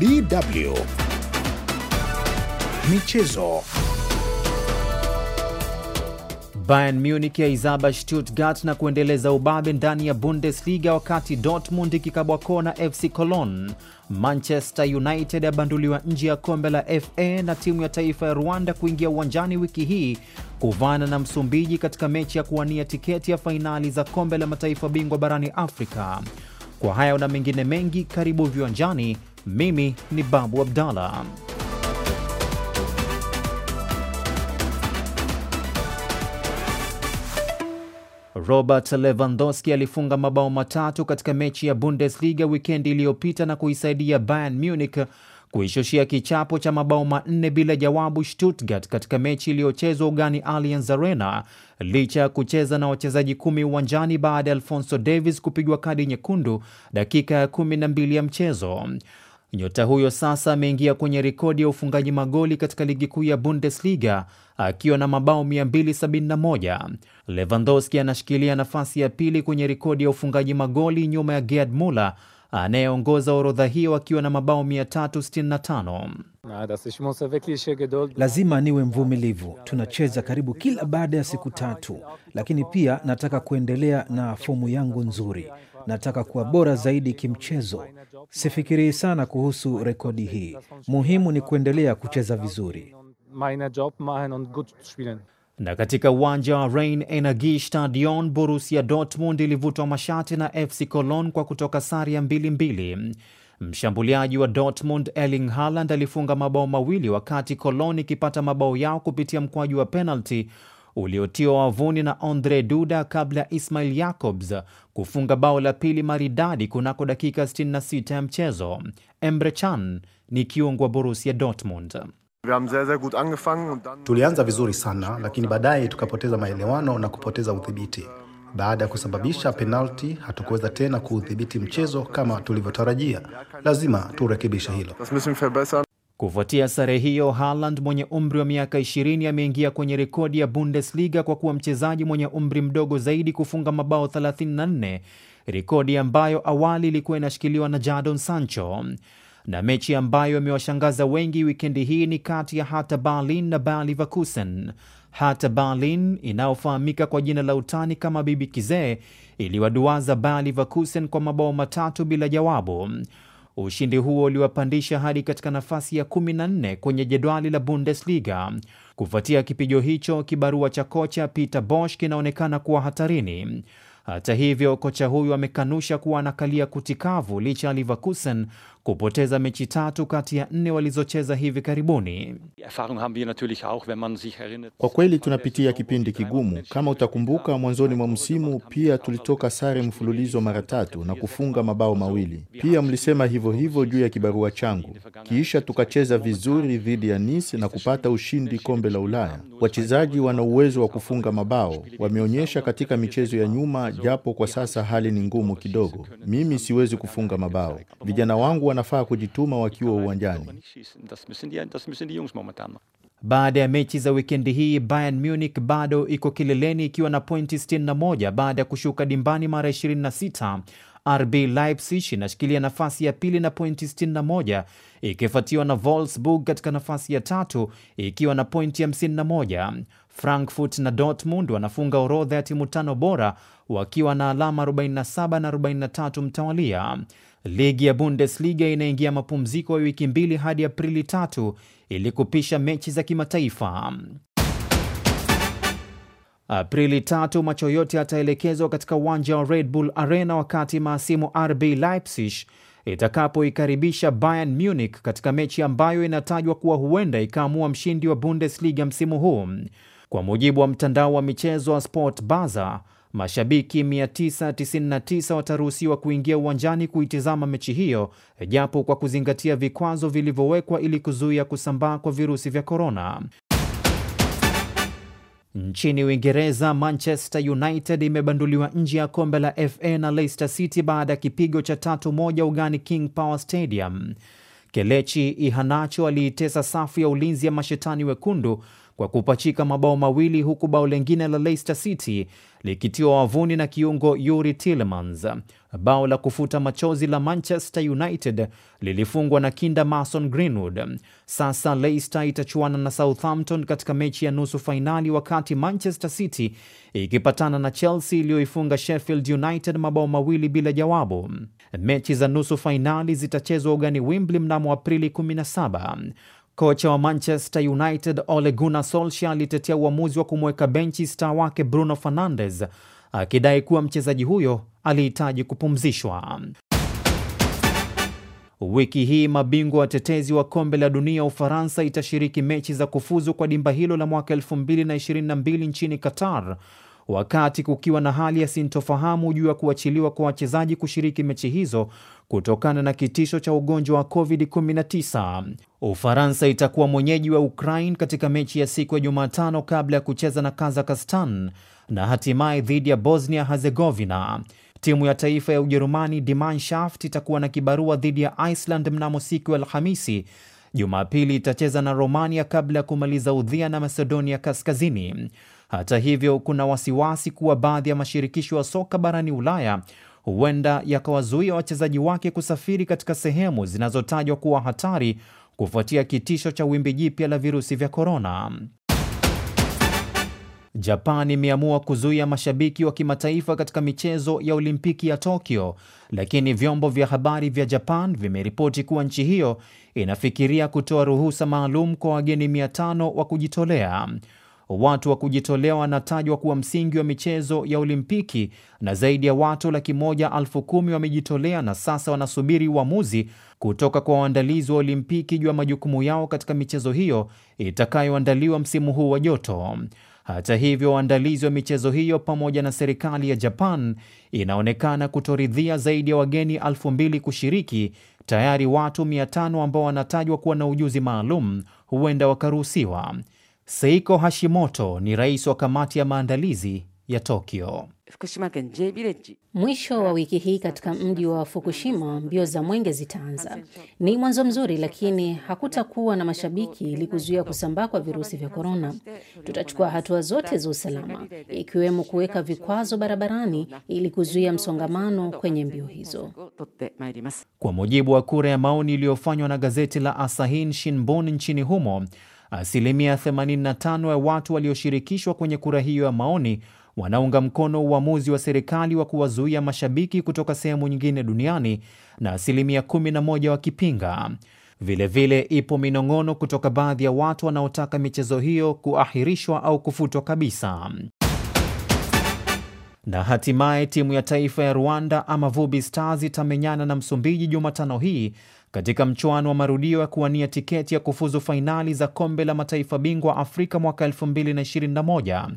DW Michezo. Bayern Munich izaba Stuttgart na kuendeleza ubabe ndani ya Bundesliga, wakati Dortmund ikikabwa kona FC Cologne. Manchester United yabanduliwa nje ya kombe la FA na timu ya taifa ya Rwanda kuingia uwanjani wiki hii kuvana na Msumbiji katika mechi ya kuwania tiketi ya fainali za kombe la mataifa bingwa barani Afrika. Kwa haya na mengine mengi, karibu viwanjani. Mimi ni Babu Abdalla. Robert Lewandowski alifunga mabao matatu katika mechi ya Bundesliga wikendi iliyopita na kuisaidia Bayern Munich kuishushia kichapo cha mabao manne bila jawabu Stuttgart katika mechi iliyochezwa ugani Allianz Arena licha ya kucheza na wachezaji kumi uwanjani baada ya alfonso davis kupigwa kadi nyekundu dakika ya kumi na mbili ya mchezo. Nyota huyo sasa ameingia kwenye rekodi ya ufungaji magoli katika ligi kuu ya Bundesliga akiwa na mabao 271. Lewandowski anashikilia nafasi ya pili kwenye rekodi ya ufungaji magoli nyuma ya Gerd Muller anayeongoza orodha hiyo akiwa na mabao 365. Lazima niwe mvumilivu. Tunacheza karibu kila baada ya siku tatu, lakini pia nataka kuendelea na fomu yangu nzuri. Nataka kuwa bora zaidi kimchezo. Sifikirii sana kuhusu rekodi hii. Muhimu ni kuendelea kucheza vizuri. Na katika uwanja wa Rein Energie Stadion, Borussia Dortmund ilivutwa mashati na FC Cologne kwa kutoka sare ya mbili mbili. Mshambuliaji wa Dortmund Erling Haaland alifunga mabao mawili wakati Cologne ikipata mabao yao kupitia mkwaju wa penalti uliotiwa wavuni na Andre Duda kabla ya Ismail Jacobs kufunga bao la pili maridadi kunako dakika 66 ya mchezo. Emre Can ni kiungo wa Borussia Dortmund. Tulianza vizuri sana, lakini baadaye tukapoteza maelewano na kupoteza udhibiti. Baada ya kusababisha penalti, hatukuweza tena kuudhibiti mchezo kama tulivyotarajia. Lazima turekebishe hilo. Kufuatia sare hiyo, Haaland mwenye umri wa miaka 20 ameingia kwenye rekodi ya Bundesliga kwa kuwa mchezaji mwenye umri mdogo zaidi kufunga mabao 34, rekodi ambayo awali ilikuwa inashikiliwa na Jadon Sancho. Na mechi ambayo imewashangaza wengi wikendi hii ni kati ya Hertha Berlin na Bayer Leverkusen. Hertha Berlin inayofahamika kwa jina la utani kama Bibi Kizee iliwaduaza Bayer Leverkusen kwa mabao matatu bila jawabu. Ushindi huo uliwapandisha hadi katika nafasi ya 14 kwenye jedwali la Bundesliga. Kufuatia kipigo hicho, kibarua cha kocha Peter Bosch kinaonekana kuwa hatarini. Hata hivyo, kocha huyu amekanusha kuwa anakalia kutikavu licha ya Leverkusen kupoteza mechi tatu kati ya nne walizocheza hivi karibuni. Kwa kweli tunapitia kipindi um kigumu. Kama utakumbuka, mwanzoni mwa msimu pia tulitoka sare mfululizo mara tatu na kufunga mabao mawili. Pia mlisema hivyo hivyo juu ya kibarua changu, kisha tukacheza vizuri dhidi ya Nice na kupata ushindi kombe la Ulaya. Wachezaji wana uwezo wa kufunga mabao, wameonyesha katika michezo ya nyuma, japo kwa sasa hali ni ngumu kidogo. Mimi siwezi kufunga mabao, vijana wangu wana wanafaa kujituma wakiwa uwanjani. Baada ya mechi za wikendi hii, Bayern Munich bado iko kileleni ikiwa na pointi 61 baada ya kushuka dimbani mara 26. RB Leipzig inashikilia nafasi ya pili na pointi 61 ikifuatiwa na Wolfsburg katika nafasi ya tatu ikiwa na pointi 51. Frankfurt na Dortmund wanafunga orodha ya timu tano bora wakiwa na alama 47 na 43 mtawalia. Ligi ya Bundesliga inaingia mapumziko ya wiki mbili hadi Aprili tatu ili kupisha mechi za kimataifa. Aprili tatu macho yote yataelekezwa katika uwanja wa Red Bull Arena wakati maasimu RB Leipzig itakapoikaribisha Bayern Munich katika mechi ambayo inatajwa kuwa huenda ikaamua mshindi wa Bundesliga msimu huu. Kwa mujibu wa mtandao wa michezo wa Sport Baza, mashabiki 999 wataruhusiwa kuingia uwanjani kuitizama mechi hiyo, japo kwa kuzingatia vikwazo vilivyowekwa ili kuzuia kusambaa kwa virusi vya korona. Nchini Uingereza, Manchester United imebanduliwa nje ya kombe la FA na Leicester City baada ya kipigo cha tatu moja ugani King Power Stadium. Kelechi Iheanacho aliitesa safu ya ulinzi ya mashetani wekundu kwa kupachika mabao mawili huku bao lengine la Leicester City likitiwa wavuni na kiungo Yuri Tillemans. Bao la kufuta machozi la Manchester United lilifungwa na kinda Mason Greenwood. Sasa Leicester itachuana na Southampton katika mechi ya nusu fainali, wakati Manchester City ikipatana na Chelsea iliyoifunga Sheffield United mabao mawili bila jawabu. Mechi za nusu fainali zitachezwa ugani Wembley mnamo Aprili 17. Kocha wa Manchester United Ole Gunnar Solskjaer alitetea uamuzi wa kumweka benchi star wake Bruno Fernandes akidai kuwa mchezaji huyo alihitaji kupumzishwa. Wiki hii mabingwa watetezi wa kombe la dunia Ufaransa itashiriki mechi za kufuzu kwa dimba hilo la mwaka 2022 nchini Qatar, wakati kukiwa na hali ya sintofahamu juu ya kuachiliwa kwa wachezaji kushiriki mechi hizo kutokana na kitisho cha ugonjwa wa COVID-19. Ufaransa itakuwa mwenyeji wa Ukraine katika mechi ya siku ya Jumatano kabla ya kucheza na Kazakhstan na hatimaye dhidi ya Bosnia Herzegovina. Timu ya taifa ya Ujerumani Dimanshaft itakuwa na kibarua dhidi ya Iceland mnamo siku ya Alhamisi. Jumapili itacheza na Romania kabla ya kumaliza udhia na Macedonia Kaskazini. Hata hivyo, kuna wasiwasi kuwa baadhi ya mashirikisho ya soka barani Ulaya huenda yakawazuia wachezaji wake kusafiri katika sehemu zinazotajwa kuwa hatari kufuatia kitisho cha wimbi jipya la virusi vya korona. Japan imeamua kuzuia mashabiki wa kimataifa katika michezo ya Olimpiki ya Tokyo, lakini vyombo vya habari vya Japan vimeripoti kuwa nchi hiyo inafikiria kutoa ruhusa maalum kwa wageni 500 wa kujitolea watu wa kujitolea wanatajwa kuwa msingi wa michezo ya Olimpiki na zaidi ya watu laki moja alfu kumi wamejitolea na sasa wanasubiri uamuzi kutoka kwa waandalizi wa Olimpiki juu ya majukumu yao katika michezo hiyo itakayoandaliwa msimu huu wa joto. Hata hivyo, waandalizi wa michezo hiyo pamoja na serikali ya Japan inaonekana kutoridhia zaidi ya wageni alfu mbili kushiriki. Tayari watu 500 ambao wanatajwa kuwa na ujuzi maalum huenda wakaruhusiwa. Seiko Hashimoto ni rais wa kamati ya maandalizi ya Tokyo. Mwisho wa wiki hii katika mji wa Fukushima mbio za mwenge zitaanza. Ni mwanzo mzuri, lakini hakutakuwa na mashabiki ili kuzuia kusambaa kwa virusi vya korona. Tutachukua hatua zote za usalama, ikiwemo kuweka vikwazo barabarani ili kuzuia msongamano kwenye mbio hizo. Kwa mujibu wa kura ya maoni iliyofanywa na gazeti la Asahin Shinbun nchini humo, Asilimia 85 ya watu walioshirikishwa kwenye kura hiyo ya maoni wanaunga mkono uamuzi wa serikali wa kuwazuia mashabiki kutoka sehemu nyingine duniani na asilimia 11 wakipinga. Vilevile ipo minong'ono kutoka baadhi ya watu wanaotaka michezo hiyo kuahirishwa au kufutwa kabisa. Na hatimaye timu ya taifa ya Rwanda ama Vubi Stars itamenyana na Msumbiji Jumatano hii katika mchuano wa marudio ya kuwania tiketi ya kufuzu fainali za kombe la mataifa bingwa Afrika mwaka 2021.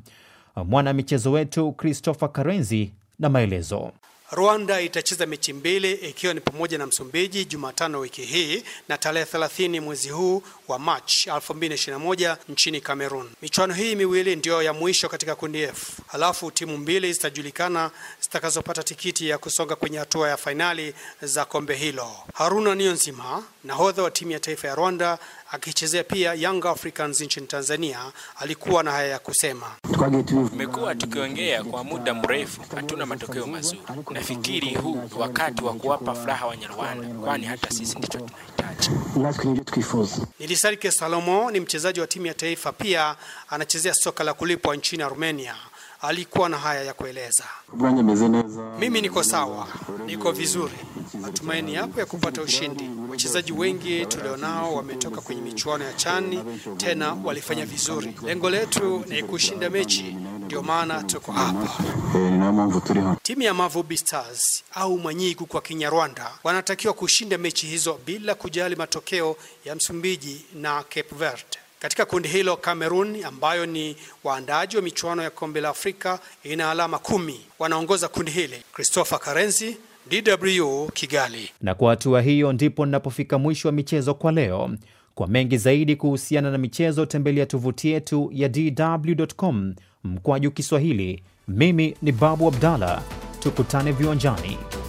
Mwana michezo wetu Christopher Karenzi na maelezo. Rwanda itacheza mechi mbili ikiwa ni pamoja na Msumbiji Jumatano wiki hii na tarehe 30 mwezi huu wa Machi 2021 nchini Cameroon. Michuano hii miwili ndiyo ya mwisho katika kundi F. Halafu timu mbili zitajulikana zitakazopata tikiti ya kusonga kwenye hatua ya fainali za kombe hilo. Haruna Niyonzima, nahodha wa timu ya taifa ya Rwanda akichezea pia Young Africans nchini Tanzania, alikuwa na haya ya kusema. Tumekuwa tukiongea kwa muda mrefu, hatuna matokeo mazuri. Nafikiri huu wakati wa kuwapa furaha Wanyarwanda, kwani hata sisi ndicho tunahitaji. Nilisarike Salomo ni mchezaji wa timu ya taifa, pia anachezea soka la kulipwa nchini Armenia alikuwa na haya ya kueleza. Mimi niko sawa, niko vizuri matumaini yapo ya kupata ushindi. Wachezaji wengi tulionao wametoka kwenye michuano ya chani, tena walifanya vizuri. Lengo letu ni kushinda mechi, ndio maana tuko hapa. Timu ya Mavubi Stars au Mwanyigu kwa Kinyarwanda wanatakiwa kushinda mechi hizo bila kujali matokeo ya Msumbiji na Cape Verde. Katika kundi hilo Cameroon ambayo ni waandaaji wa michuano ya kombe la Afrika ina alama kumi, wanaongoza kundi hili. Christopher Karenzi DW Kigali. Na kwa hatua hiyo ndipo ninapofika mwisho wa michezo kwa leo. Kwa mengi zaidi kuhusiana na michezo, tembelea tovuti yetu ya dw.com mkwaju Kiswahili. Mimi ni Babu Abdalla, tukutane viwanjani.